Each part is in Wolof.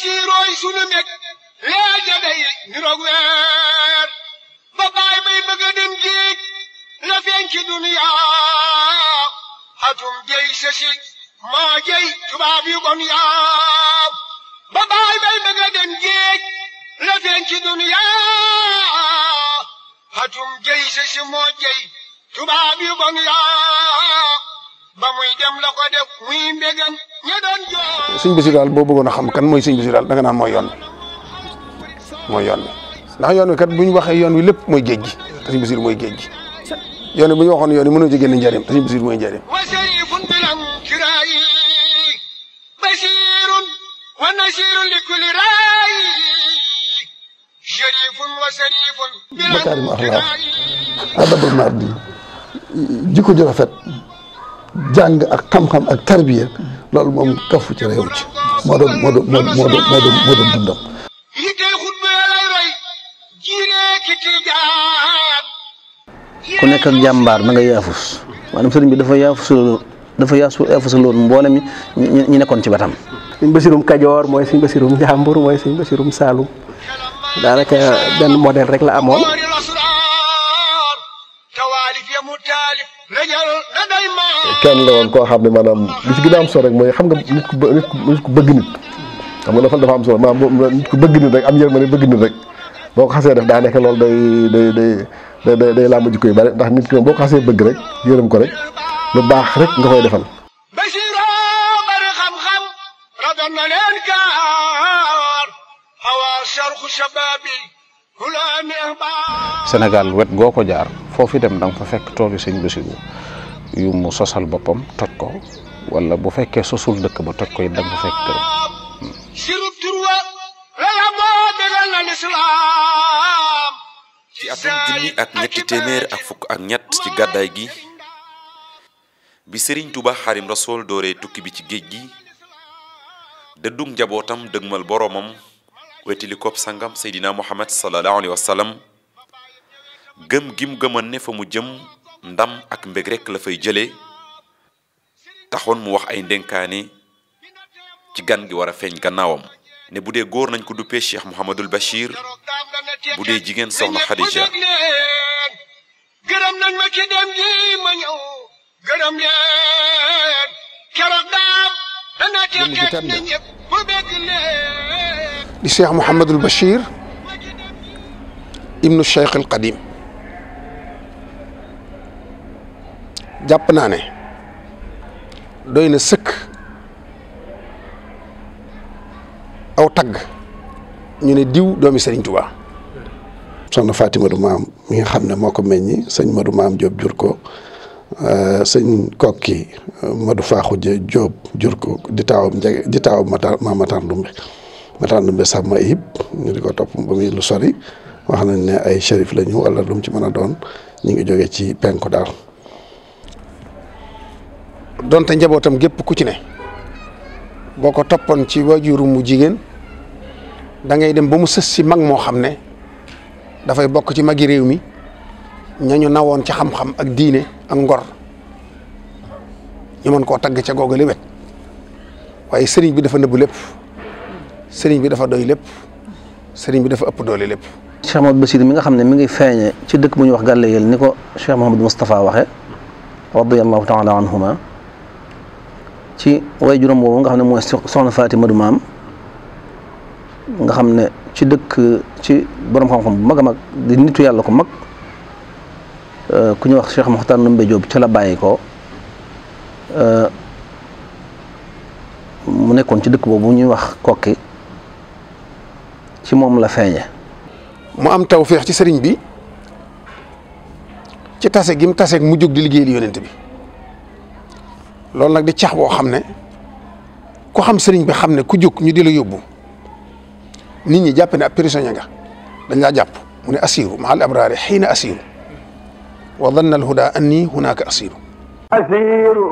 ciy rooy sunu mbég leer ja day niroog weer ba baay bay bëgg a dem géej la feeñ ci duniya atum jëy sësi maa jëy tubaab yu bon yaa ba baay bay bëgg a dem géej la feeñ ci duniya atum jëy sësi moo jëy tubaab yu bon yaa ba muy dem la ko def muy mbégam ña doon jox. sëñ Bassirou daal boo bëggoon a xam kan mooy sëñ Bassirou daal danga naan mooy yoon bi mooy yoon bi ndax yoon wi kat bu ñu waxee yoon wi lépp mooy géej gi te sëñ Bassirou mooy géej gi yoon wi bu ñu waxoon yoon wi mënoo ci génn njëriñ te sëñ Bassirou mooy njëriñ. makaarim axlaaq adabul mardi jikko ju rafet jàng ak xam-xam ak tarbiya loolu moom kafu ci réew ci moo doon moo doon moo ku nekk jàmbaar da nga yaafus maanaam sëriñ bi dafa yaafus dafa yaafus loolu mboolem ñi nekkoon ci batam sëñ basirum kajoor mooy sëñ basirum njàmbur mooy sëñ basirum saalum daanaka benn model rek la amoon kenn la woon koo xam ne maanaam li ci gën a am solo rek mooy xam nga nit ku nit ku bëgg nit xam nga dafa dafa am solo maanaam nit ku bëgg nit rek am yërmande bëgg nit rek boo ko xasee def daa nekk loolu day day day day day làmb jikko yu bari ndax nit ki boo ko xasee bëgg rek yërëm rek lu baax rek nga koy defal. Sénégal wet goo ko jaar foofu dem da nga fa fekk toolu sëñ Bassirou yu mu sosal boppam toj ko walla bu fekkee sosul dëkk ba toj ko it da nga fekk kër sirub turwa lala moo dégal na lislaam ci atum junni ak ñetti téeméer ak fukk ak ñett ci gàddaay gi bi Serigne Touba Xarim Rasool dooree tukki bi ci géej gi dëddug njabootam dëgmal boroomam wetili kopp sangam Seydina Muhammad sallallahu alayhi wa sallam gëm ne fa mu jëm ndam ak mbeg rek la fay jëlee taxoon mu wax ay ndénkaane ci gan gi war a feeñ gannaawam ne bu dee góor nañ ko duppee Cheikh Mouhamadul Bachir bu dee jigéen soxna Khadija gërëm nañ ma ci dem gi ma ñëw gërëm leen keroog daam dana teeteet na ñëpp bu bëgg leen di Cheikh Mouhamadul Bachir ibnu Cheikh al jàpp naa ne doy na sëkk aw tagg ñu ne diw doomi Serigne Touba. na Faati Madu Maam mi ngi xam ne moo ko meññi sëñ Madu Maam Diop jur ko euh, sëñ kokki euh, Madu Faaxu Diop jur ko di taawam njege di taawam Matar Maam Matar Ndumbe Matar Ndumbe sàmm ñu di ko topp ba muy lu sori wax nañ ne ay shérif lañu wala lu mu ci mën a doon ñu ngi jóge ci penku daal. donte njabootam gépp ku ci ne boo ko toppoon ci waajuru mu jigéen dangay dem ba mu sës si mag moo xam ne dafay bokk ci magi réew mi ñañu woon ci xam-xam ak diine ak ngor ñu mën koo tagg ca googale wet waaye sëriñ bi dafa nëbbu lépp sëriñ bi dafa doy lépp sëriñ bi dafa ëpp doole lépp. Cheikh Mahamadou Bassir mi nga xam ne mi ngi feeñe ci dëkk bu ñuy wax Gàllayeel ni ko Cheikh Mahamadou Moustapha waxe radiyallahu taala anhuma ci way juróom boobu nga xam ne mooy soxna Fatima du maam nga xam ne ci dëkk ci borom xam-xam bu mag a mag di nitu yàlla ko mag euh, ku ñuy wax Cheikh Mokhtar Ndoumbé Diop ca la bàyyi ko euh, mu nekkoon ci dëkk boobu ñuy wax kokki ci moom la feeñe mu am tawféex ci sëriñ bi ci tase gi mu taseeg mu jóg di liggéeyal yonent bi loolu nag di cax boo xam ne ku xam sëriñ bi xam ne ku jóg ñu di la yóbbu nit ñi jàpp ne ab prisonnier nga dañ jàpp mu ne asiru maal abraari xiina asiru wa danna alhuda anni hunaka asiru asiru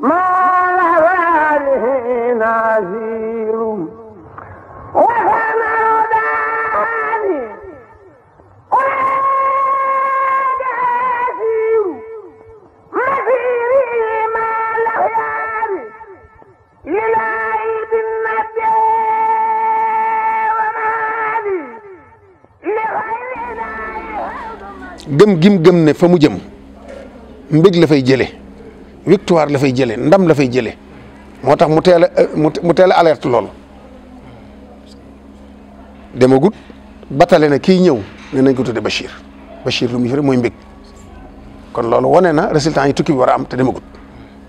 maal abraari xiina asiru gëm gim gëm ne fa mu jëm mbég la fay jële victoire la fay jële ndam la fay jële moo tax mu teel a euh, mu teel a alerte lool demagut batale na kii ñëw ne nañ ko tudde Bachir Bachir lu mu yore mooy mbég kon loolu wane na résultat yi tukki war a am te demagut.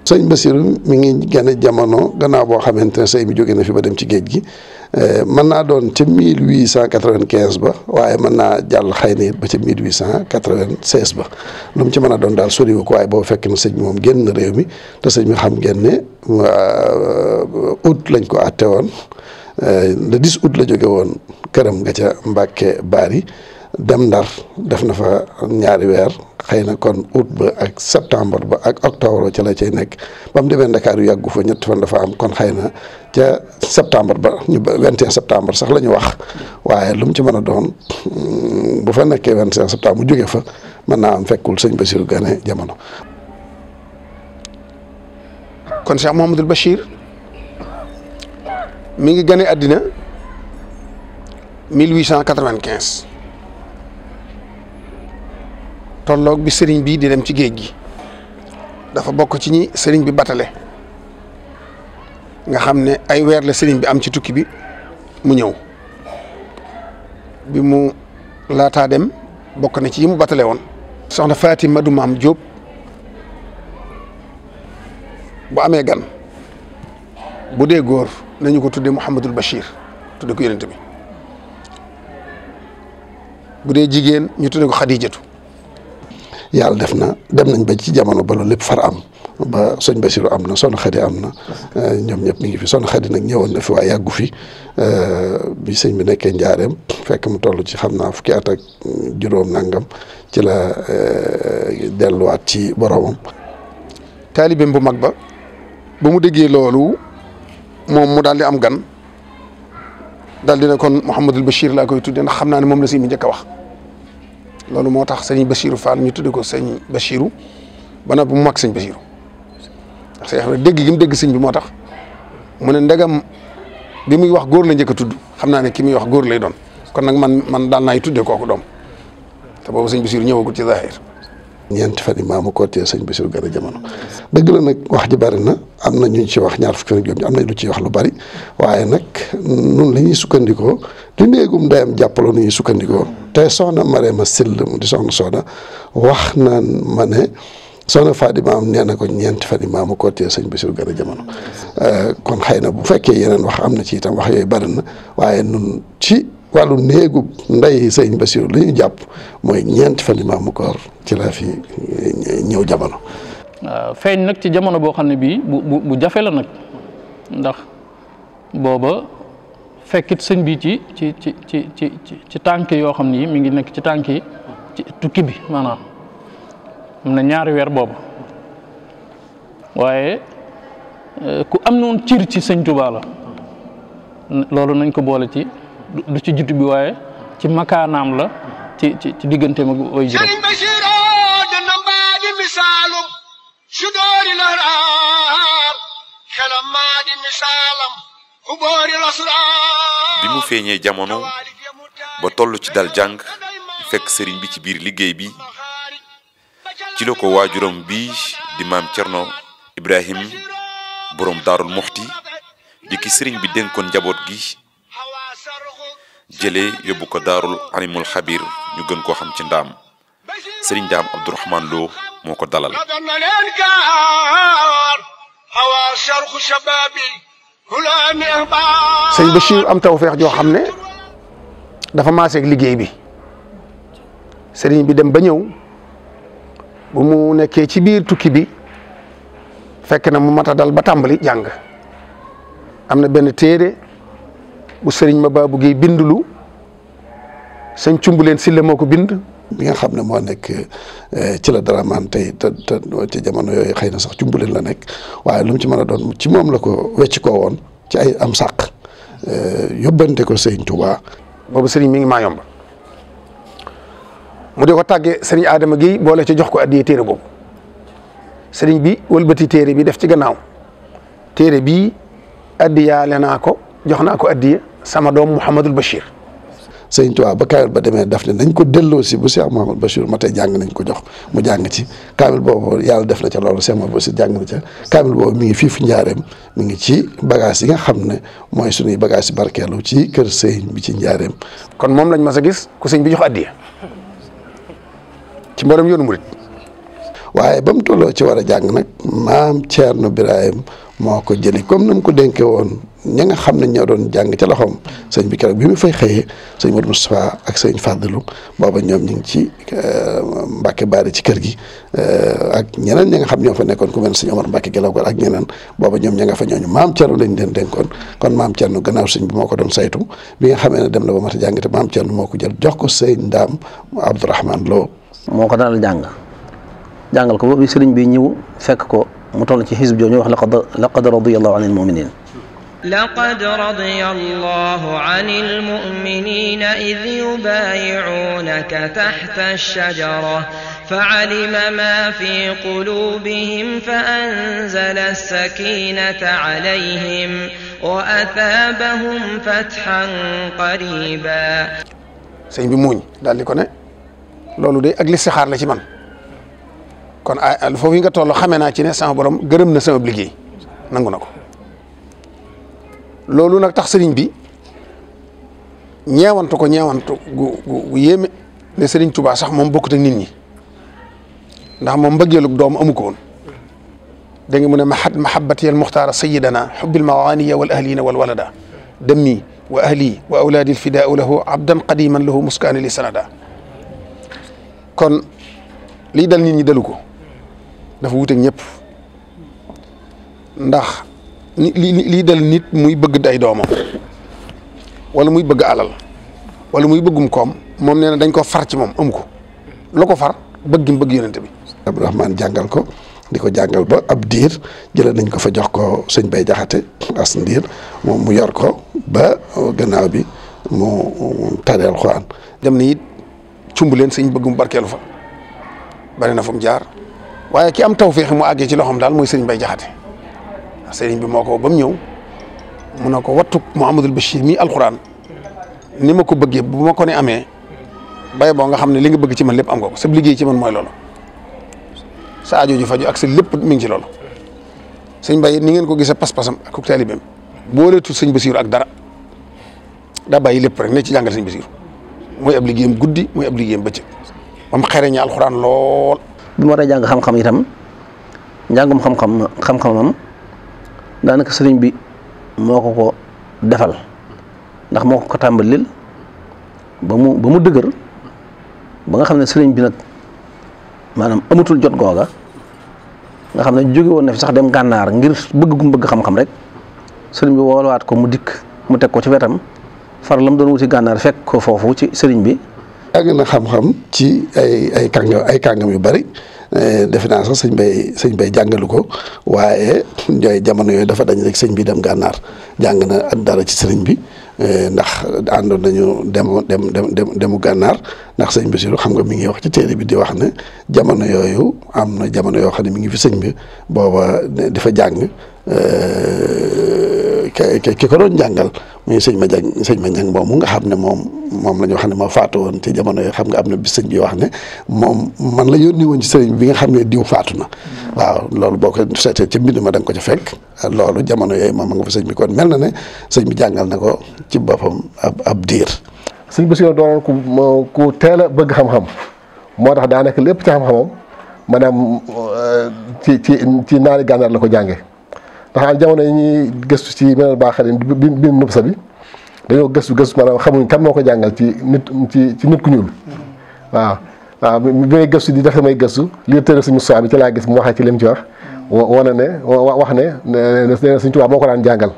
sëñ Bachir mi ngi gane jamono gannaaw boo xamante ne sëy bi jóge na fi ba dem ci géej gi. Eh, mën naa doon ci mille cent quatre vingt ba waaye mën naa jàll xëy na it ba ci mille huit cent quatre vingt seize ba lu mu ci mën a doon daal soriwu ko waaye boo fekk na sëñ bi moom génn réew mi te sëñ bi xam ngeen ne août lañ ko àtte woon eh, le 10 août la jóge woon këram nga ca baar Baari dem Ndar def na fa ñaari weer xëy na kon out ba ak septembre ba ak octobre ca la cay nekk ba mu demee Ndakaaru yàggu fa ñett fan dafa am kon xëy na ca septembre ba ñu ba 21 septembre sax la ñu wax waaye lu mu ci mën a doon mm, bu fa nekkee 21 septembre mu jóge fa mën naa am fekkul sëñ Bassirou Gane jamono. kon Cheikh Mouhamadul Bachir mi ngi gane àddina 1895. tolloog bi sëriñ bi di dem ci géej gi dafa bokk ci ñi sëriñ bi batale nga xam ne ay weer la sëriñ bi am ci tukki bi mu ñëw bi mu laataa dem bokk na ci yi mu batale woon soxna Fatima du maam Jóob bu amee gan bu dee góor nañu ko tuddee Mouhamadul Bachir tudde ko yonent bi bu dee jigéen ñu tudde ko Xadijatu yàlla def na dem nañ ba ci jamono ba lépp far am ba sëñ Basiru am na son xadi am na euh, ñoom ñëpp mi ngi fi son xadi nag ñëwoon na fi waaye yàggu fi euh, bi sëñ bi nekkee njaareem fekk mu toll ci xam naa fukki at ak juróom nangam ci la euh, delluwaat ci boromam. taalibeem bu mag ba ba mu déggee loolu moom mu daal di am gan daal di ne kon Mouhamadul Bachir laa koy tuddee ndax xam naa ne moom la si mi njëkk a wax. loolu moo tax sëñ Bachirou Fall ñu tudd ko sëñ Bachirou ba noppi mu mag sëñ Bachirou ndax sëñ Ibrahima dégg gi sëñ bi moo tax mu ne ndegam bi muy wax góor la njëkk tudd xam naa ne ki muy wax góor lay doon kon nag man man daal naay tuddee ko doom te boobu sëñ ñëw ñëwagul ci zahir ñeenti fan yi maamu kootee sëñ Bassirou Gane jamono dëgg la nag wax ji bari na am na ñu ci wax ñaar fukki fan ak juróom am na lu ciy wax lu bari waaye nag nun lañuy ñuy sukkandikoo li néegum dayam jàppaloo nu ñuy sukkandikoo te soxna Marème Sill mu di soxna soxna wax na ma ne soxna Fadima am nee na ko ñeent fan yi maamu kootee sëñ Bassirou Gane jamono euh, kon xëy na bu fekkee yeneen wax am na ci itam wax yooyu bari na waaye nun ci wàllu néegu ndey sëñ Basiru li ñu jàpp mooy ñeenti fan yi ko koor ci laa fi ñëw jamono. waaw feeñ nag ci jamono boo xam ne bii bu bu jafe la nag ndax booba fekkit sëñ bi ci ci ci ci ci ci tànk yoo xam ne ni mi ngi nekk ci tànk yi ci tukki bi maanaam am na ñaari weer booba waaye eh, ku am noonu cir ci sëñ Tuubaa loolu nañ ko boole ci. du ci juddu waaye ci makaanaam la ci diggante ma way juróom sëriñ Basiiro dana mbaa di misaalum su doori laraar xelam maa di misaalam ku lasraar bi mu feeñee jamono ba toll ci dal jàng fekk sëriñ bi ci biir liggéey bi ci la ko waajuram bi di maam Cerno Ibrahim borom daarul muxti di ki sëriñ bi dénkoon njaboot gi jëlee yóbbu ko daarul animul xabir ñu gën koo xam ci ndaam sëriñ ndaam abdourahman loo moo ko dalal sëñ Bachir am tawfeex joo xam ne dafa maaseeg liggéey bi sëriñ bi dem ba ñëw bu mu nekkee ci biir tukki bi fekk na mu mat a dal ba tàmbali jàng am na benn téere bu sëriñ ma baabu gi bindulu sëñ cumbuleen si la ko bind mi nga xam ne moo nekk eh, ci la dara daramaan tey te te jamono yooyu xëy na sax cumbuleen la nekk waaye lu mu ci mën a doon mu ci moom la ko wecc koo woon ci ay am sàq eh, yóbbante ko sëriñ Touba. boobu sëriñ mi ngi maa yomba mu di ko tàggee sëriñ Adama gi boole ci jox ko addiye téere boobu sëriñ bi wëlbati téere bi def ci gannaaw téere bi addiyaale naa ko jox naa ko addiya sama doom Mouhamadul Bachir. sëñ Tuubaa ba kaamil ba demee daf ne nañ ko delloo si bu Cheikh Mouhamadou Bachir ma tey jàng nañ ko jox mu jàng ci kaamil boobu yàlla def na ca loolu Cheikh Mouhamadou Bachir jàng na ca kaamil boobu mi ngi fii fu njaareem mi ngi ci bagage yi nga xam ne mooy suñuy bagage barkeelu ci kër sëñ bi ci njaareem kon moom lañ ma sa gis ku sëñ bi jox addiya ci mboolem yoonu murit waaye ba mu tolloo ci war a jàng nag maam Thierno Birahim moo ko jëli comme ni mu ko dénkee woon ña nga xam ne ñoo doon jàng ca loxoom sëñ bi keroog bi mu fay xëyee sëñ Modou Moustapha ak sëñ Fadilou booba ñoom ñu ci euh, Mbacke Baari ci kër gi euh, ak ñeneen ña nga xam ñoo fa nekkoon ku mel ne sëñ Omar Mbacke ak ñeneen booba ñoom ña maam Thierno lañ leen dénkoon kon maam Thierno gannaaw sëñ bi moo ko doon saytu bi nga xamee ne dem na ba mat a jàng te maam Thierno moo ko jël jox ko sëñ Ndaam Abdourahman Lo. moo ko daal jàng jàngal ko boobu sëriñ bi ñëw fekk ko mu toll ci xisb jooju wax laqad laqad radiyallahu anil muminin لقد رضي الله عن المؤمنين إذ يبايعونك تحت الشجرة فعلم ما في قلوبهم فأنزل السكينة عليهم وأثابهم فتحا قريبا sëñ bi muuñ daal di ko ne loolu de ak listixaar la ci man kon foofu yi nga toll xamee naa ci ne sama borom gërëm na sama liggéey nangu na ko loolu nag tax sëriñ bi ñeewantu ko ñeewantu gu gu gu yéeme ne sëriñ Tuubaa moom bokkut ak nit ñi ndax moom mbëggeelug doom amu ko woon da nga mu ne mahat mahabatiyal muxtaara sayidana xubbil wal ahlina wal walada dammi wa ahli wa awlaadi alfidaau lahu abdan qadiman lahu muskaani li sanada kon lii dal nit ñi dalu ko dafa wuuteeg ñëpp ndax lii lii dal nit muy bëgg day doomam walla muy bëgg alal wala muy bëggum koom moom nee na dañ ko far ci moom amu ko lu ko far bëggim bëgg yonente bi Abdourahmane jàngal ko di ko jàngal ba ab diir jëlee nañ ko fa jox ko sëñ Bay Jaxate as ndiir moom mu yor ko ba gannaaw bi mu tareel Alxuraan dem na it cumb leen sëñ bëggum barkeelu fa bari na fu mu jaar waaye ki am tawféex mu àggee ci loxoom daal mooy sëñ Bay Jaxate sëriñ bi moo ko ba ñëw mu ne ko wattu Mouhamadul Bachir mii alxuraan ni ma ko bëggee bu ma ko ne amee bay boo nga xam ne li nga bëgg ci man lépp am nga ko sa liggéey ci man mooy loolu sa aajo ju faju ak sa lépp mi ngi ci loolu sëñ Bay ni ngeen ko gisee pas-pasam ak taalibeem booleetul sëñ Basiiru ak dara daa bàyyi lépp rek ne ci jàngal sëñ Basiiru mooy ab liggéeyam guddi mooy ab liggéeyam bëccëg ba mu xereñee alxuraan lool. bi mu war a jàng xam-xam itam njàngum xam-xam xam-xamam. daanaka sëriñ bi moo ko ko defal ndax moo ko ko tàmbalil ba mu ba mu dëgër ba nga xam ne sëriñ bi nag maanaam amatul jot googa nga xam ne jógewoon na fi sax dem gànnaar ngir bëgg gum bëgg xam-xam rek sëriñ bi woolawaat ko mu dikk mu teg ko ci wetam far la mu doon wuti gànnaar fekk ko foofu ci sëriñ bi. yàgg na xam-xam ci ay ay kàngam ay kàngam yu bari. Eh, defe naa sax sëñ bay sëñ bay jàngalu ko waaye ñooy jamono yooyu dafa dañ rek sëñ bi dem gànnaar jàng na at dara ci sëriñ bi eh, ndax ànd nañu dem dem dem demu gànnaar ndax sëñ Bassirou xam nga mi ngi wax ci téere bi di wax ne jamono yooyu am na jamono yoo xam ne mi ngi fi sëñ bi booba dafa jàng. Eh, ki ko doon jàngal muy sëñ ma jàng sëñ ma jàng moomu nga xam ne moom moom la ñu wax ne moom faatu woon ci jamono yoo xam nga am na bis sëñ bi wax ne moom man lañu yónni woon ci bi nga xam ne diw faatu na waaw loolu boo ko seetee ci mbind ma da ko ca fekk loolu jamono yooyu moom nga fa sëñ bi kon mel na ne sëñ bi jàngal na ko ci boppam ab ab diir sëñ Bassirou doon ku ku teel a bëgg xam-xam moo tax daanaka lépp ci xam-xamam maanaam euh, ci ci ci naari gànnaar la ko jànge ndax jamono yi ñuy gëstu ci meneen baaxalim bi bi nubsa bi dañoo gëstu gëstu maanaam xamuñ kan moo ko jàngal ci nit ci ci nit ku ñuul waaw waaw bi may gëstu di def may gëstu li tëral suñu soix bi ci laa gis mu waxee ci lim ci wax wane ne wax ne nee na suñ tubaab moo ko daan jàngal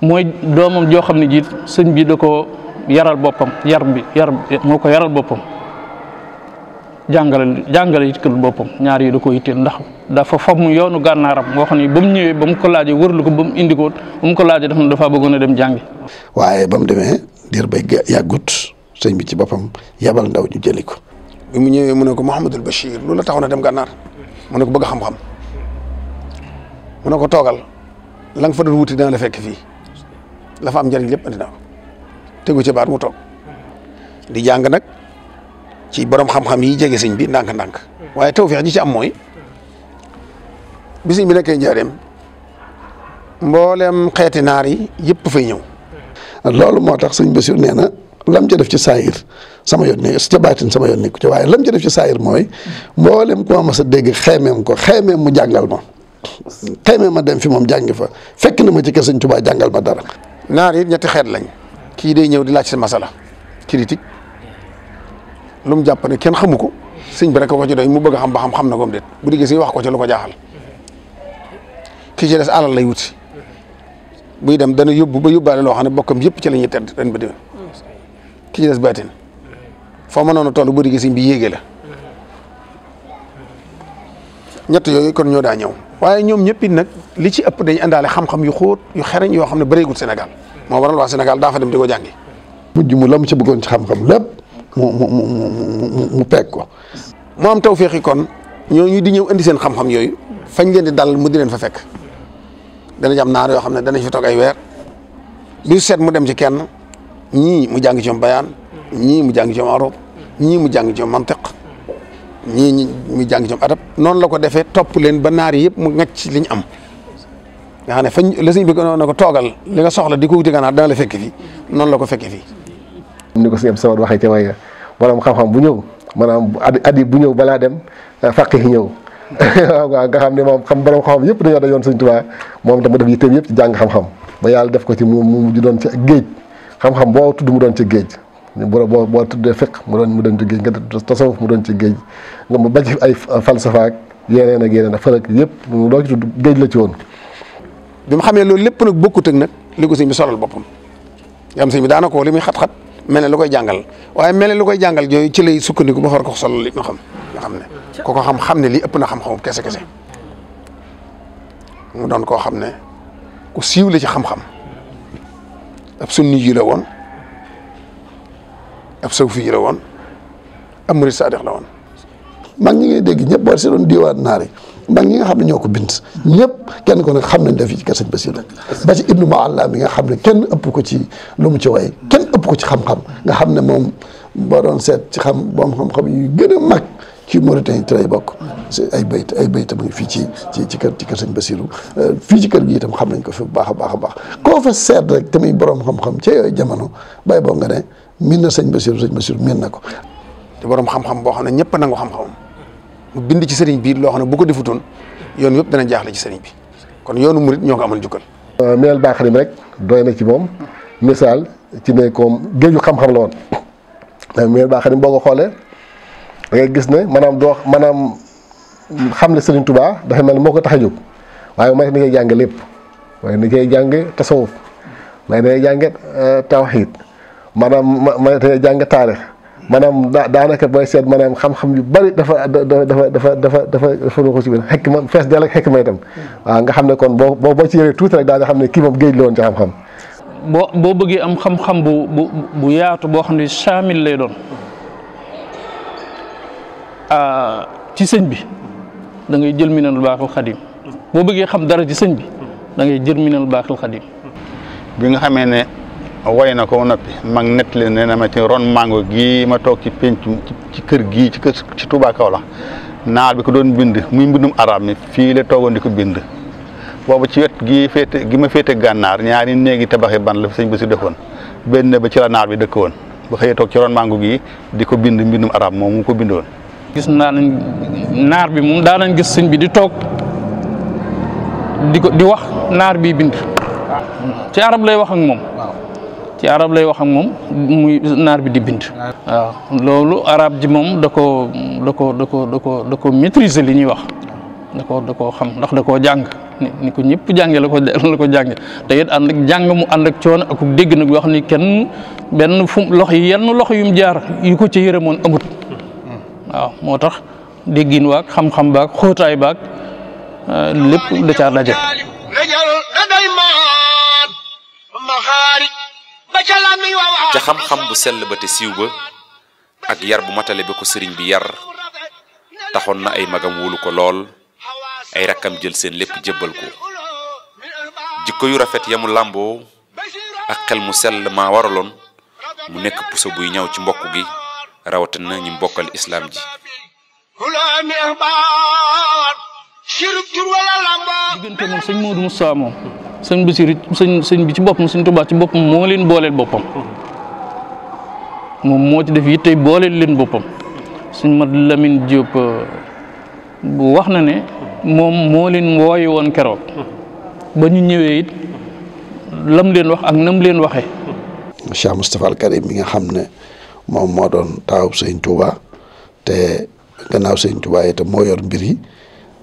mooy doomam joo xam ne jiit sëñ bi da ko yaral boppam yar bi yar moo ko yaral boppam jàngal jàngale yitkal boppam ñaar yi da ko yitteel ndax dafa fomm yoonu gànnaaram boo xam ne ba mu ñëwee ba mu ko laajee wërlu ko ba mu indi ko ko laajee dafa ne dafa bëggoon a dem jàngi. waaye ba mu demee diir bay yàggut sëñ bi ci boppam yabal ndaw ñu jëli ko. mu ñëwee mu ne ko Mouhamadul Bachir loolu la taxoon a dem gànnaar mu ne ko bëgga xam-xam mu ne ko toogal la nga fa doon wuti dina la fekk fii la fa am njëriñ lépp andi naa ko tegu ci baat mu toog di jàng nag. ci boroom xam-xam yi jege sëñ bi ndànk-ndànk waaye tawfeex ji ci am mooy bi sëñ bi nekkee njaareem mboolem xeeti naar yi yëpp fay ñëw. loolu moo tax sëñ Basiir nee na lam ca def ci saayir sama yoon ne ca baatin sama yoon nekku ci waaye lam ca def ci saayir mooy mboolem ku ma mas dégg xeemeem ko xeemeem mu jàngal ma xeemeem ma dem fi moom jàngi fa fekk na ma ci kër sëñ Tuubaa jàngal ma dara. naar yi ñetti xeet lañ. kii day ñëw di laaj si masala critique lu mu jàpp kenn xamu ko sëñ bi rek ko ci doy mu bëgg xam ba xam xam na ko déet bu di gis wax ko ci lu ko jaaxal ki ci des alal lay wut si buy dem dana yóbbu ba yóbbaale loo xam ne bokkam yëpp ci la ñuy tedd ren ba ki ci des baatin foo mënoon a toll bu di bi yéege la ñett kon ñoo daa ñëw waaye ñoom ñëpp it nag li ci ëpp dañu àndaale xam yu xóot yu xereñ yoo xam ne bëreegul Sénégal moo waral waa Sénégal daa fa dem di ko jàngi. mu la mu ci bëggoon ci xam-xam lépp. mu mu mu mu peeg ko. mu am kon ñooñu di ñëw indi seen xam-xam yooyu fañ leen di dal mu di leen fa fekk danañ am naar yoo xam ne danañ fi toog ay weer lu seet mu dem ci kenn ñii mu jàng ci ñoom bayaan ñii mu jàng ci ñoom ñii mu jàng ci ñoom mantiq ñii mu jàng ci ñoom noonu la ko defee topp leen ba naar yëpp mu ngacc li ñu am. nga ne fañ la sëñ bi na ko toogal li nga soxla di ko wuti ganaar dana la fekk fii noonu la ko fekkee fii. ni ko sëñ Abdou waxee ca waaye borom xam-xam bu ñëw maanaam addi bu ñëw balaa dem euh, faqih ñëw waaw waaw nga xam ne moom xam borom xam-xam yépp dañoo dajoon Sëñ Tuubaa moom itam mu def yitteem yëpp ci jàng xam-xam ba yàlla def ko ci mu mujj doon ci géej xam-xam boo tudd mu doon ci géej boo boo boo tuddee fiq mu doon mu doon ci géej nga tasawuf mu doon ci géej nga ba ci ay falsafa ak yeneen ak yeneen ak yépp mu loo ci tudd géej la ci woon. bi mu xamee loolu lépp nag bokkut ak nag li ko sëñ bi solal boppam yam sëñ bi daanaka li muy xat-xat. mel ne lu koy jàngal waaye mel ne lu koy jàngal yooyu ci lay sukkandiku ba xor ko solo li nga xam nga xam ne ko ko xam xam ne lii ëpp na xam-xamu kese kese mu doon koo xam ne ku siiw la ci xam-xam ab sunni yi woon ab sawfi yi la woon ab murid la woon. mag ñi ngay dégg ñëpp war si doon diwaan naar yi mag ñi nga xam ne ñoo ko bind ñëpp kenn ko ne xam nañ def ci kër sëñ Basiru ba ci Ibnu Maalla nga xam ne kenn ëpp ko ci lu mu ci way ëpp ko ci xam-xam nga xam ne moom boo doon seet ci xam boom xam-xam yu gën a mag ci Mauritanie te lay bokk ay bayt ay bayt mu ngi fii ci ci ci kër ci kër sëñ euh, fii ci kër gi tam xam nañ ko fi bu baax a baax a baax koo fa seet rek tamit borom xam-xam ca yooyu jamono bay boo nga ne miin na sëñ Basiru sëñ Basiru miin na ko te borom xam-xam boo xam ne ñëpp nangu xam-xamam mu bind ci sëriñ bi loo xam ne bu ko defutoon yoon yëpp dana jaaxle ci sëriñ bi kon yoonu murit ñoo ko amal jukkal. Euh, Minel Bakharim rek doy na ci moom misaal ci ne koom géeju xam-xam la woon Minel Bakharim boo ko xoolee da gis ne maanaam doo maanaam xam ne sëriñ tubaa dafa mel moo ko tax a jóg waaye may ni ngay jàng lépp waaye ni ngay jàng tasawuf may ni ngay jàng euh, maanaam may ni taarix. maanaam daa daanaka booy seet maanaam xam-xam yu bari dafa dafa dafa dafa dafa dafa dafa ruuxu si biir xekk ma fees dell ak xekk ma itam waaw nga xam ne kon boo boo boo ci yëree tuuti rek daal nga xam ne kii moom géej la woon ci xam-xam. boo boo bëggee am xam-xam bu bu bu yaatu boo xam ne saamil lay doon ah, ci sëñ bi da ngay jël minanul baaxul xadim boo bëggee xam dara ci sëñ bi da ngay jël minanul baaxul xadim bi nga xamee ne. woy na ko noppi mag nettali ne na ma ci ron mango gi ma toog ci penc ci kër gii ci kër ci Touba Kaolack naar bi ko doon bind muy mbindum araab mi fii la toogoon di ko bind boobu ci wet gi féete gi ma féete gànnaar ñaari néegi tabaxi ban la sëñ bi si defoon benn ba ci la bi dëkk woon ba xëyee toog di ko bind mbindum arab moom mu ko bindoon. gis naa nañ naar bi moom daa nañ gis sëñ bi di toog di ko di wax naar bi bind. Ah. ci arab lay wax ak moom. ci arab lay wax ak moom muy naar bi di bind. waaw loolu arab ji moom da koo da koo da koo koo da li ñuy wax da koo da xam ndax da koo jàng ni ko ñëpp jàngee la ko la ko jàngee te it ànd ak jàng mu ànd ak coono ak dégg nag yoo xam ne kenn benn fu loxo yi yenn loxo yu mu jaar yu ko ci yërëmoon amut waaw moo tax déggin waag xam-xam baag lépp da caa ca xam-xam bu sell ba te siiw ba ak yar bu matale ba ko sëriñ bi yar taxoon na ay magam wóolu ko lool ay rakkam jël seen lépp jébbal ko jikko yu rafet yamu làmboo ak xel mu sell maa waraloon mu nekk puso buy ñaw ci mbokk gi rawatina ñu mbokkal islaam ji diggante moom sëñ Modou Moustapha moom sëñ Basiru sëñ sëñ bi ci boppam sëñ Tuubaa ci boppam moo leen booleel boppam moom moo ci def yittey booleel leen boppam sëñ Mat Lamin Jóob euh, wax na ne moom moo leen wooyi woon keroog ba ñu ñëwee it lam leen wax ak nam leen waxee Cheikh Moustapha al Karim nga xam ne moom moo doon taawub sëñ Tuubaa te gannaaw sëñ Tuubaa itam moo yor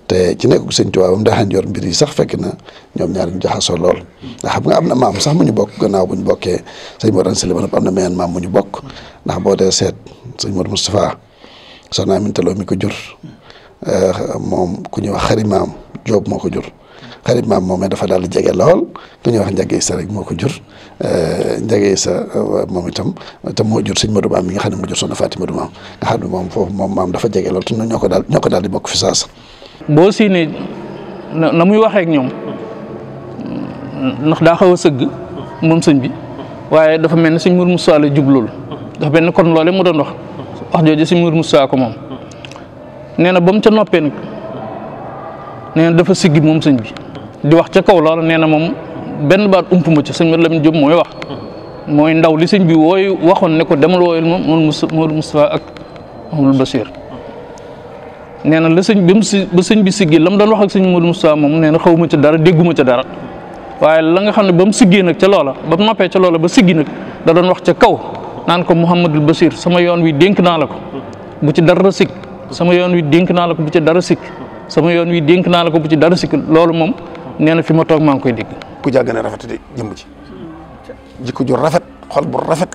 te ci nekk sëñ Tuubaa ba mu daaxaan yor mbir yi sax fekk na ñoom ñaar ñu jaxasoo lool ndax xam nga am na maam sax mu ñu bokk gannaaw bu ñu bokkee sëñ Mor Anta Sali ba am na meneen maam mu ñu bokk ndax boo dee seet sëñ Mor Moustapha soxna Aminta Lo mi ko jur eh, moom ku ñuy wax xarit maam Joob moo ko jur xarit maam moom dafa daal di lool ku ñuy wax njagey sa rek moo ko jur eh, njagey sa eh, moom itam te moo jur sëñ Modou Maam mi nga xam ne moo jur soxna xam ne moom ko daal di bokk fi saasa boo siinee na muy waxeek ñoom ndax daa xaw a sëgg moom sëñ bi waaye dafa mel ni sëñ Mourou Moussa la jubluwul dafa mel ni kon loole mu doon wax wax jooju sëñ Mourou Moussa moom nee na ba mu ca noppee nag nee dafa siggi moom sëñ bi di wax ca kaw loola nee na moom benn baat ump ma ci sëñ Mor Lamine Diop mooy wax mooy ndaw li sëñ bi wooy waxoon ne ko demal wooyul moom Mourou Moustapha ak Amadou Bachir nee na la sëñ bi si ba sëñ bi siggee la mu doon wax ak sëñ Modou Moustapha moom nee na xaw ma ca dara dégguma ca dara waaye la nga xam ne ba mu siggee nag ca loola ba mu noppee ca loola ba siggi nag da doon wax ca kaw naan ko Mouhamadul Bachir sama yoon wi dénk naa la ko bu ci dara sikk sama yoon wi dénk naa la ko bu ca dara sikk sama yoon wi dénk naa la ko bu ci dara sikk loolu moom nee fi ma toog maa ngi koy dégg. ku jàggane rafet di jëmb ci jikko ju rafet xol bu rafet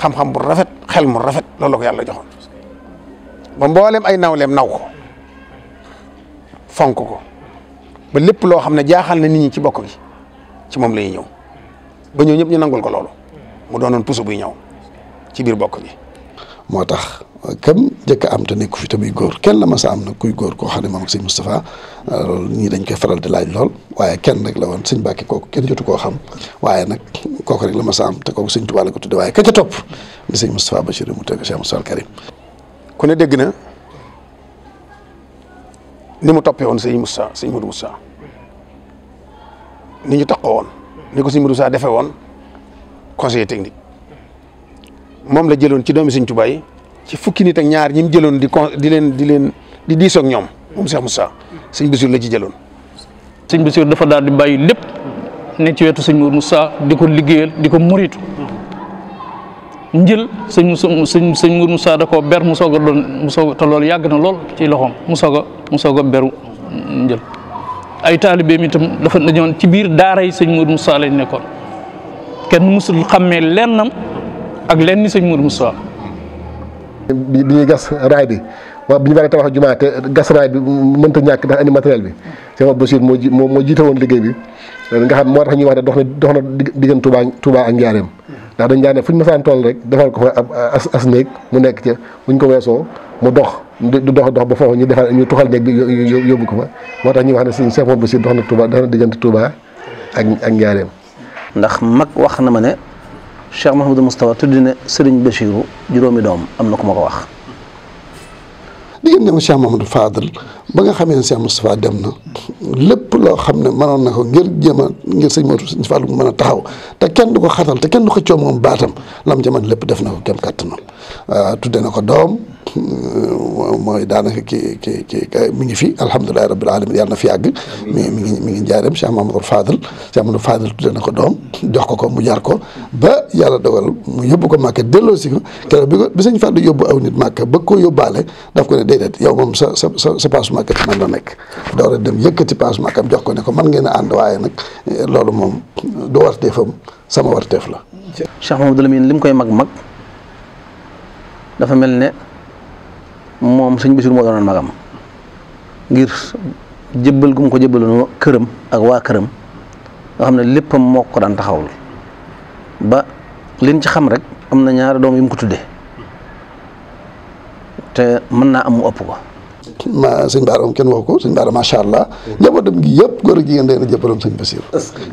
xam-xam bu rafet xel mu rafet loolu yàlla joxoon. ba mboolem ay nawleem naw ko fonk ko ba lépp loo xam ne jaaxal na nit ñi ci bokk gi ci moom la ñuy ñëw ba ñëw ñëpp ñu nangul ko loolu mu doonoon puso buy ñëw ci biir bokk gi. moo tax kam njëkk am te nekku fi tamuy góor kenn ma sa am na kuy góor koo xam ne moom ak sëñ Moustapha ah, loolu dañ koy faral di laaj lool waaye kenn rek la woon sëñ Mbàkke kooku kenn jotu koo xam waaye nag kooku rek la ma sa am te kooku sëñ Tuubaa la ko tudde waaye ka ca topp di sëñ Moustapha Bachir mu teg Cheikh Moustapha Karim kon ne dégg na ni mu toppee woon sëñ Moussa sëñ Modou Moussa ni ñu taxoo woon ni ko sëñ Modou Moussa defee woon conseiller technique moom la jëloon ci doomi sëñ Tuubaa yi ci fukki nit ak ñaar ñim jëloon di con di leen di leen di diisoo ak ñoom moom Cheikh Moussa sëñ Bassirou la ci jëloon. sëñ Bassirou dafa daal di bàyyi lépp ne ci wetu sëñ mu saa di ko liggéeyal di ko muritu njël sëñ sëñ sëñ Mourou Moussa da koo ber mu soog a doon mu soog te loolu yàgg na lool ci loxoom mu soog a mu soog a beru njël ay taalibeem itam dafa dañoon ci biir daara yi sëñ Mourou Moussa lañ nekkoon kenn musul xàmmee lennam ak lenn ni sëñ Mourou Moussa. bi ñuy gas raay bi waaw bi ñu waree tabax jumaa te gas raay bi mënta ñàkk daa indi bi sama Bachir moo ji moo jiite woon liggéey bi. nga xam moo tax ñuy wax ne dox na dox na diggante Touba Touba ak Njaareem ndax dañ daane fu ñu masaan toll rek defal ko fa ab as as néeg mu nekk ca bu ko weesoo mu dox du dox dox ba foofu ñu defal ñu tuxal néeg bi yóbbu ko moo tax ñuy wax ne suñu Cheikh Mouhamed Bachir dox na Touba dox na diggante Touba ak ak Njaareem ndax mag wax na ma ne Cheikh Mouhamadou Moustapha tudd na Serigne Bachirou juróomi doom am na ku ma ko wax diggante ma Cheikh Mouhamadou Fadel ba nga xamee ne Cheikh Moustapha dem na lépp loo xam ne mënoon na ko ngir jéem a ngir sëñ Modou Sëñ Fallou mën a taxaw te kenn du ko xatal te kenn du ko coow moom baatam lam man lépp def na ko kem kàttanam euh, na ko doom euh, mooy daanaka ki ki ki ngi fi alhamdulilahi rabbil alamin yàlla na fi yàgg mi ngi mi ngi njaareem Cheikh Mamadou Fadal Cheikh Mamadou Fadal tudde na ko doom jox ko ko mu jar ko ba yàlla dogal mu yóbbu ko delloo si ko keroog bi ko bi sëñ Fallou yóbbu aw nit Màkka ba ko yóbbaale daf ko ne déedéet yow moom sa sa Makka ci man la nekk door a jox ko ne ko man ngeen a ànd eh, moom du warteefam sama la. Cheikh Mamadou li mu koy mag mag dafa mel ne moom sëñ Bassirou moo doonoon magam ngir jëbbal gum mu ko jëbbaloon këram ak waa këram nga xam ne léppam mook ko daan taxawul ba liñ ci xam rek am na ñaari doom yu mu ko tuddee te mën naa am ëpp ko. ma sëñ Baara moom kenn waxu ko sëñ Baara macha allah. njabootam gi yëpp góor ak jigéen dana jëbaloon sëñ Basiir.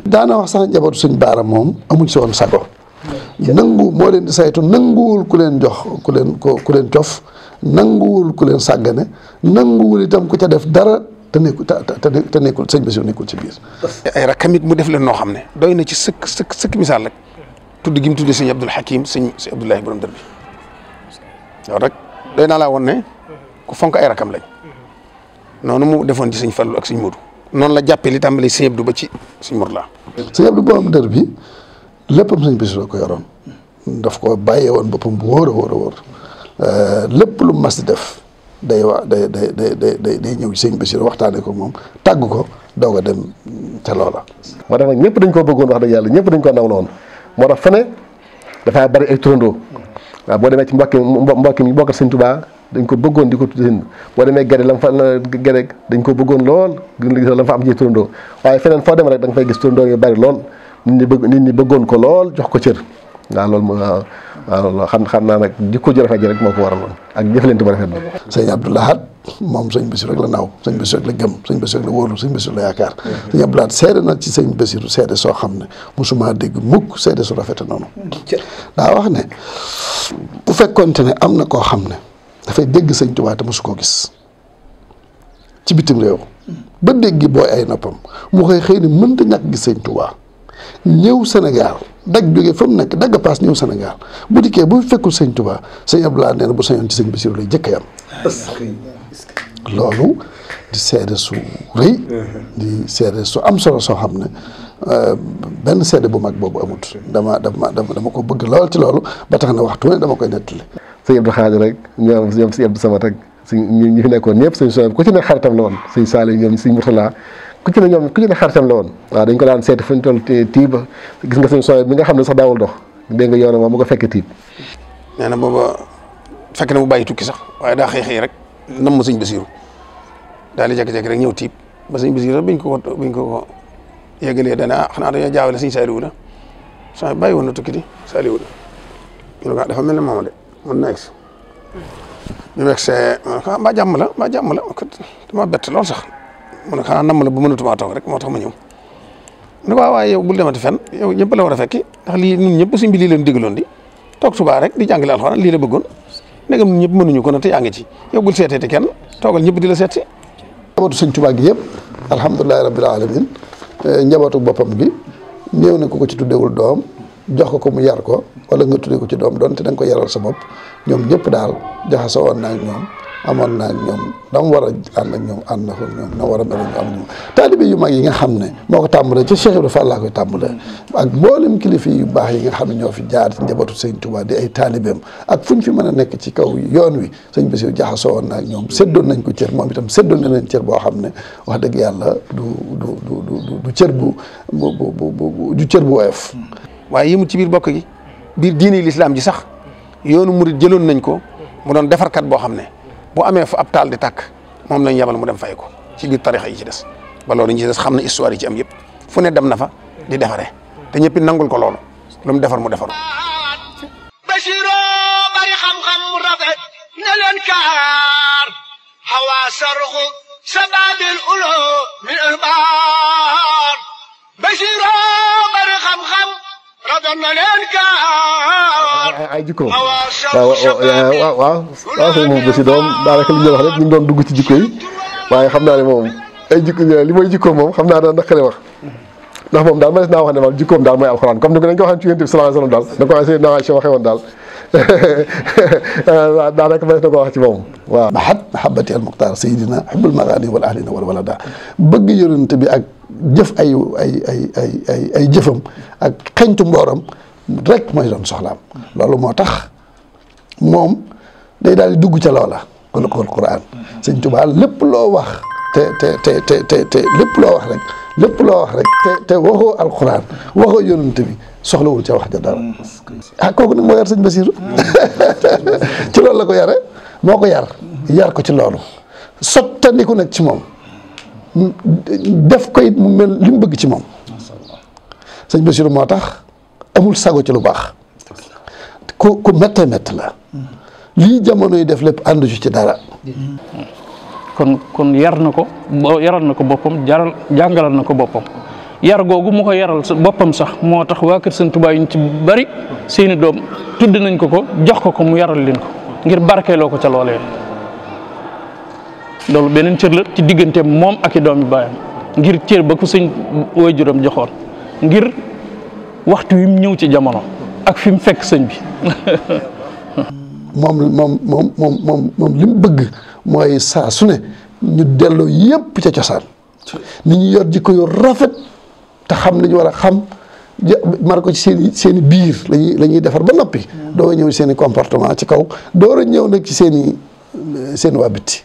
daana wax sax njabootu sëñ Baara moom amuñ si woon sago. nangu moo leen di saytu nanguwul ku leen jox ku leen ko ku leen cof nanguwul ku leen sàggane nanguwul itam ku ca def dara te nekkul te nekkul sëñ Basiir nekkul ci biir. ay rakkam it mu def leen noo xam ne doy na ci sëkk sëkk sëkk misaal rek. tudd gi mu tudd sëñ Abdul Hakim sëñ sëñ Abdoulahi borom dër bi loolu rek ne ku fonk ay rakam noonu mu defoon ci sëñ Fallu ak sëñ Modou noonu la jàppee li tàmbali sëñ ba ci sëñ Mor la sëñ Abdou borom bi léppam sëñ Basiru ko yoroon daf ko bàyyee woon boppam bu a wóor a wóor euh, lépp lu mas def day wa day day day day day ñëw ci sëñ Basiru waxtaane ko moom tàgg ko doog a dem ca la moo tax nag ñëpp dañ koo bëggoon wax dëgg yàlla ñëpp dañ koo nawloo woon moo tax fane dafaa bari ay turandoo waaw boo demee ci mbokki mbokki mi bokkal sëñ Tuubaa dañ ko bëggoon di ko tudd seen boo demee gere dañ ko bëggoon lool gën gis la fa am ci turandoo waaye feneen foo dem rek da nga fay gis turandoo yu bari lool nit ñi bëgg nit ñi bëggoon ko lool jox ko cër waaw loolu mooy waaw xam xam naa nag jikko ju rafet ji rek moo ko waraloon ak jëflante bu rafet bi. sëñ Abdou Lahad moom sëñ Bassirou rek la naaw sëñ Bassirou rek la gëm sëñ Bassirou rek la wóolu sëñ Bassirou la yaakaar. sëñ Abdou Lahad seede na ci sëñ Bassirou seede soo xam ne mosuma dégg mukk seede su rafete noonu. daa wax ne bu fekkonte ne am na koo xam ne dafay dégg sëñ Tuubaa te mosu koo gis ci bitim réew ba dégg booy ay noppam mu koy xëy ni mënta ñàkk gis sëñ Tuubaa ñëw Sénégal dag jóge fa mu nekk dagg paas ñëw Sénégal bu dikkee bu fekkul sëñ Tuubaa sëñ Abdoulaye nee bu sañoon ci sëñ Bassirou lay jëkk loolu di seede su rëy di seede su am solo soo xam ne euh, benn seede bu mag boobu amut dama dama dama ko bëgg lool ci loolu ba tax na waxtu ne dama koy nettali sëñ Abdou Xaadir rek ñoom ñoom rek suñ ñi fi nekkoon ñëpp suñ so ku ci ne xaritam la woon suñ Saali ñoom suñ Murtala ku ci ne xaritam la woon waaw dañ ko daan seeti fu ñu toll tiiba gis nga suñ so bi nga xam ne sax daawul dox dégg nga yoonam na booba fekk na bu bàyyi tukki sax waaye daa xëy xëy rek nam ma sëñ Basiiru daal di jékki-jékki rek ñëw tiib ba sëñ Basiiru biñ ko biñ ko yeggalee dana ah xanaa dañoo jaawale sëñ wu la sa bàyyi wu na tukki di Saaliwu la ah, dafa mel ne moom de man nekk egsi bi mu egsee ma ne ko ah, mbaa jàmm la mbaa jàmm la dama bett lool sax ma ne ko xanaa ah, la bu mënatumaa toog rek moo tax ma ñëw mu ne ko ah, waaye yow bul demati fenn yow ñëpp la war a fekki ndax lii ñun ñëpp suñ bi lii leen digaloon di toog subaa rek di jàngale alxuraan lii la bëggoon ndegam ñun ñëpp mënuñu ko na te yaa ngi ci yow seetee te kenn toogal ñëpp di la seet si njabootu sëñ Tuubaa gi yëpp alhamdulilahi rabbil alamin eh, njabootu boppam gi néew na ko ko ci tuddewul doom jox ko ko mu yar ko wala nga tuddee ko ci doom donte da nga ko yaral sa bopp ñoom ñëpp daal jaxasoo woon naa ak ñoom amoon naa ak ñoom dama war a ànd ak ñoom ànd na ko ñoom war a mel ñu am ñoom yu mag yi nga xam ne moo ko tàmbalee ci Cheikh Ibrahima Fall laa koy tàmbalee ak mboolem kilifa yu baax yi nga xam ne ñoo fi jaar ci njabootu Sëñ Tuubaa di ay taalibeem ak fu ñu fi mën a nekk ci kaw yoon wi sëñ Bassirou jaxasoo woon naa ak ñoom séddoon nañ ko cër moom itam séddoon nañ leen cër boo xam ne wax dëgg yàlla du du du du bu bu bu du cër bu woyof waaye yi ci biir bokk gi biir diini lislaam ji sax yoonu murit jëloon nañ ko mu doon defarkat boo xam ne boo amee fu ab taal di tàkk moom lañ yabal mu dem fay ko ci biir tarixa yi ci des ba loolu ñi ci des xam na histoire yi ci am yëpp fu ne dem na di defaree te ñëpp nangul ko loolu lu mu defar mu defaru Basiru bari bari xam-xam ay jikkoom waaw waaw waaw waaw moom bési doom daanaka li ñu wax rek ñu ngi doon dugg ci jikko yi xam naa ne moom ay jikko li mooy jikkoom moom xam naa daan naqare wax ndax moom daal ma des naa wax ne maanaam jikkoom daal mooy alxuraan comme ni ko dañ ko eh, eh, waxee ci yonent bi sallallahu alayhi wasallam daal da ko waxee naa si waxee woon daal daanaka ma des na ko wax ci moom waaw mahat mahabati al muxtaar sayidina xubbul marani wal ahlina wal walada bëgg yonent bi ak jëf ay ay ay ay jëfam ak xeñtu mbooram rek mooy doon soxlaam loolu moo tax moom day daal di dugg ca loola kon ko Quraan Sëñ Tuubaa lépp loo wax te te te te te te lépp loo wax rek lépp loo wax rek te te waxoo alquran waxoo yonent bi soxlawul ca wax ja daal ah, kooku nag moo yar Sëñ Basiiru ci loolu la ko yare moo ko yar yar ko ci loolu sottandiku nag ci moom def ko it mel li mu bëgg ci moom. sëñ Bassirou moo tax amul sago ci lu baax. ku ku méttee métt la. lii jamono yi def lépp ànd ci dara. kon kon yar na ko boo yaral na ko boppam jaral jàngalal na ko boppam. yar googu mu ko yaral boppam sax moo tax waa kër Sëñ Tuubaa yi ñu ci bari seeni doom tudd nañ ko ko jox ko ko mu yaral leen ko ngir barkeeloo ko ca loolee. loolu beneen cër la ci diggante moom ak i doomi baayam ngir cër ba ko sëñ juróom joxoon ngir waxtu wi mu ñëw ci jamono ak fi mu fekk sëñ bi. moom moom moom moom moom moom mu bëgg mooy saa su ne ñu delloo yépp ca cosaan ni ñu yor jikko yu rafet te xam li war a xam mar ko ci seen i seen i biir lañuy la ñuy defar ba noppi. Mm. doo ñëw seeni comportement ci kaw door a ñëw nag ci seeni seeni seen waa bitti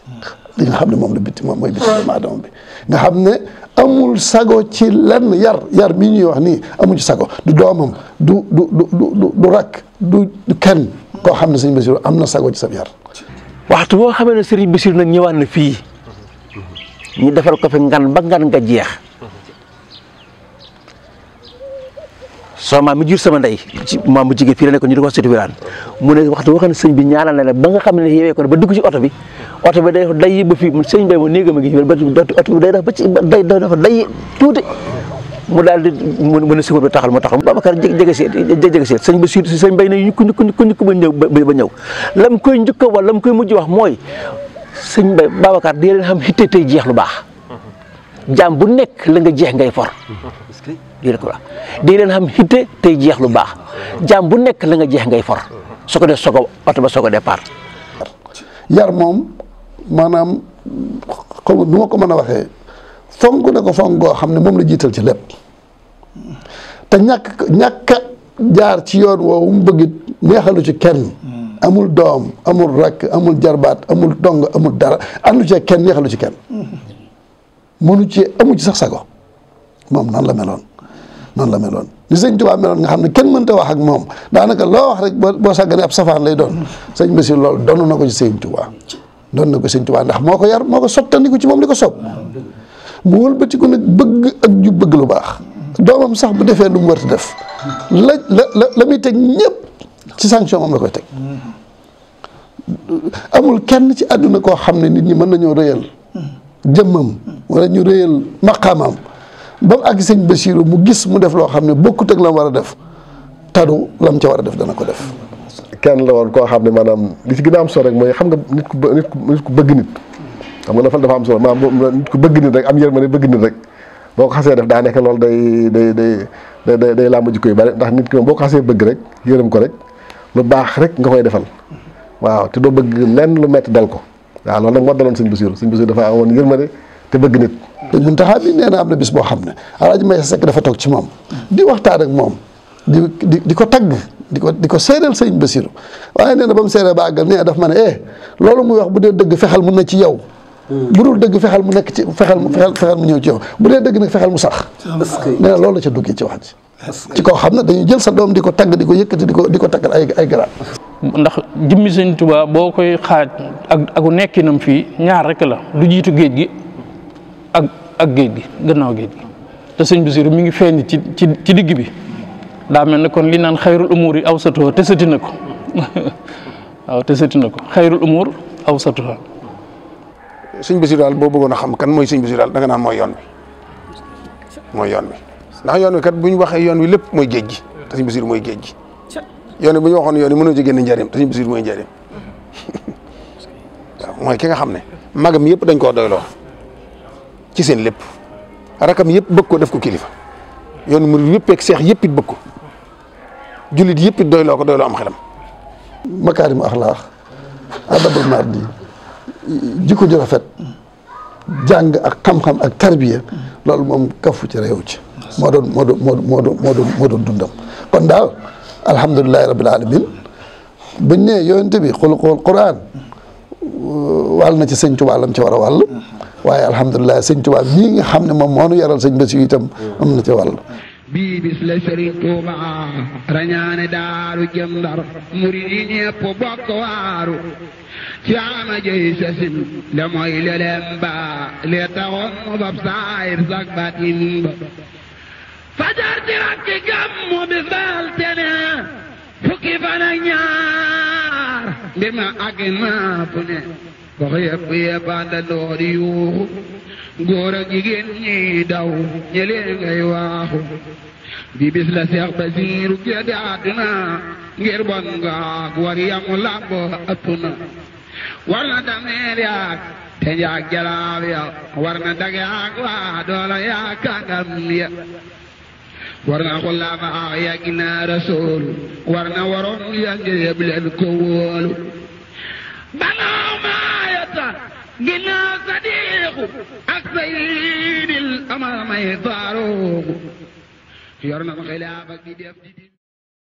li nga xam ne moom la bitti moom mooy bitti doomu aadama bi nga xam ne amul sago ci lenn yar yar mi ñuy wax ni nii ci sago du doomam du du du du rakk du kenn koo xam ne sëñ Basiru am na sago ci sa yar. waxtu boo xamee ne sëriñ Basiru nag ñëwaat na fii ñu defal ko fi ngan ba ngan nga jeex. soo maam jur sama ndey maam mu jigéen fii la ñu di ko sëtu wiraan mu ne waxtu waxoon sëñ bi ñaanal na la ba nga xam ne yeewee ko ba dugg ci oto bi oto bi day day yi ba fii sëñ bi moo néegam a ngi ba oto bi day dafa ba ci day dafa day tuuti mu daal di mu ne sëñ bi taxal mu taxal Babacar jege jege seet sëñ ba bay ne ñukk ñukk ñukk ba ñëw ba ñëw lam koy njëkk wala lam koy mujj wax mooy sëñ bay Babacar di leen xam xitte tey jeex lu baax jaam bu nekk la nga jeex ngay for di ko wax day leen xam hitte tey jeex lu baax jaam bu nekk la nga jeex ngay for su ko def soog a oto ba soog a départ. yar moom maanaam xaw ma ko mën a waxee fonk na ko fonk goo xam ne moom la jiital ci lépp te ñàkk ñàkk jaar ci yoon woowu mu bëgg neexalu ci kenn. Hmm. amul doom amul rakk amul jarbaat amul dong amul dara àndu ci kenn neexalu ci kenn hmm. mënu ci amu ci sax sago moom noonu la meloon noonu la meloon ni sëñ Tuubaa meloon nga xam ne kenn mënta wax ak moom daanaka loo wax rek boo boo sàgganee ab safaan lay doon sëñ Basiir loolu doon na ko ci sëñ Tuubaa doon na ko sëñ Tuubaa ndax moo ko yar moo ko sottandiku ci moom li ko soob mu wëlbatiku nag bëgg ak ju bëgg lu baax doomam sax bu defee lu mu war a def la la muy teg ñëpp ci sanction moom la koy teg amul kenn ci àdduna koo xam ne nit ñi mën nañoo rëyal jëmmam wala ñu réyal maqaamam ba ak àgg sëñ Bachirou mu gis mu def loo xam ne bokkut ak la mu war a def tadu la mu ca war a def dana ko def. kenn la woon koo xam ne maanaam li ci gën a am sol rek mooy xam nga nit ku bë nit ku bëgg nit xam nga am solo maanaam nit ku bëgg nit rek am yërmande bëgg nit rek boo ko xasee def daa nekk loolu day day day. day day day làmb jikko yu bari ndax nit ki boo ko xasee bëgg rek yërëm ko rek lu baax rek nga koy defal waaw te doo bëgg lenn lu metti dal ko waaw loolu nag moo daloon sëñ Basiru sëñ Basiru dafa amoon yërmande te bëgg nit dañ mun taxaa bi nee na am na bis boo xam ne alaaji may sekk dafa toog ci moom di waxtaan ak moom di di di ko tagg di ko di ko seeral sëñ Basiru waaye nee na ba mu seeree ba àggal nee na daf ma ne eh, loolu muy wax bu dee dëgg fexeel mun na ci yow hmm. dul dëgg fexeel mu nekk ci fexeel mu hmm. fexeel ñëw ci yow dëgg nag fexeel mu sax nee na loolu la ca duggee ci wax ji ci koo xam ne dañuy jël sa doom di ko tagg di ko yëkkati di ko di ko taggal ay ay garaat ndax jëmmi sëñ Tuubaa boo koy xaaj ak aku nekkinam fii ñaar rek la lu jiitu géej gi a ak géej gi gannaaw géej gi te sëñ Basiru mi ngi feeñ ci ci ci digg bi daa mel ne kon li naan xayrul umuur yi aw satoo te sëti na ko waaw te sëti na ko xayrul umuur aw satoo sëñ Basiru daal boo bëggoon a xam kan mooy sëñ Basiru daal da nga naan mooy yoon bi mooy yoon bi ndax yoon wi kat bu ñu waxee yoon wi lépp mooy géej gi te sëñ Basiru mooy géej gi yoon wi bu ñu waxoon yoon wi mënoo ci génn njariñ te sëñ Basiru mooy njariñ mooy ki nga xam ne magam yëpp dañ koo doyloo ci seen lépp rakam yëpp bëgg ko def ko kilifa yoonu murid yëpp ak seex yëpp it bëgg ko jullit yëpp it doyloo ko doyloo am xelam. makaarimu axlaax adabul mardi jikko ju rafet jàng ak xam-xam ak tarbiya loolu moom kafu ci réew ci moo doon moo dundam kon daal alhamdulilahi rabbil alamin buñ ne yonent bi xuluqul quran wàll na ci sëñ Tuubaa lam ci war a wàll waaye alhamdulilah sëñ mii nga ne moom moo nu yaral sëñ Basiru itam am na ci wàll. bii bis la sëriñ Tuuba rañaane daaru jëndar murid yi ñëpp bokk waaru ci ama jëy sin da mooy leleem ba le taxoon mu bab saayir sak batin ba fajar di rakki gàmmu bis bal tene fukki fan ak ñaar ma ak naa wax yëpp yëpp àndandoo di yuuxu góor ak jigéen ñi daw ñëlee waaxu bi bis la seex basiiru gédde àdduna ngir bon ngaak war yamu làmb ëpp na war na dameer yaak te njaag jalaaw ya war na dage ak waa doola yaa kàngam ya war na xulamaa ya ginaa rasool war na waroon ya ngir yëb leen ko wóolu banaaw ginnaaw sadiiqu ak sayyidil amamay faaruuqu yor na ma xilaafa gi def